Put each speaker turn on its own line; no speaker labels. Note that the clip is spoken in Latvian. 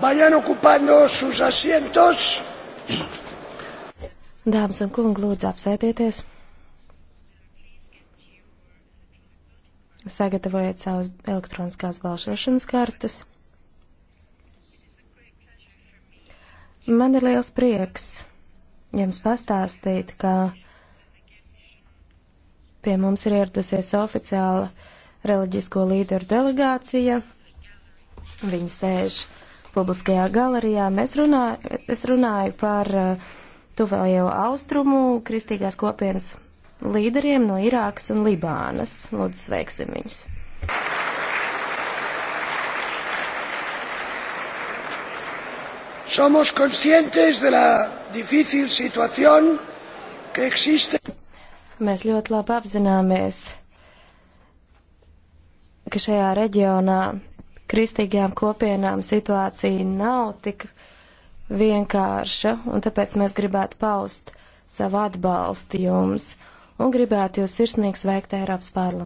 Vayan ocupando sus asientos.
Dāmas un kungi, lūdzu apsēdieties. Sagatavojiet savus elektroniskās balsošanas kartes. Man ir liels prieks jums pastāstīt, ka pie mums ir ieradusies oficiāla reliģisko līderu delegācija. Viņi sēž publiskajā galerijā. Mēs runāju, es runāju par eh, tuvējo austrumu kristīgās kopienas līderiem no Irākas un Libānas. Lūdzu, sveiksim viņus!
Somos conscientes de la difícil situación que existe.
Mēs ļoti labi apzināmies, ka šajā reģionā kristīgajām kopienām situācija nav tik vienkārša, un tāpēc mēs gribētu paust savu atbalstu jums un gribētu jūs sirsnīgi sveikt Eiropas parlamentā.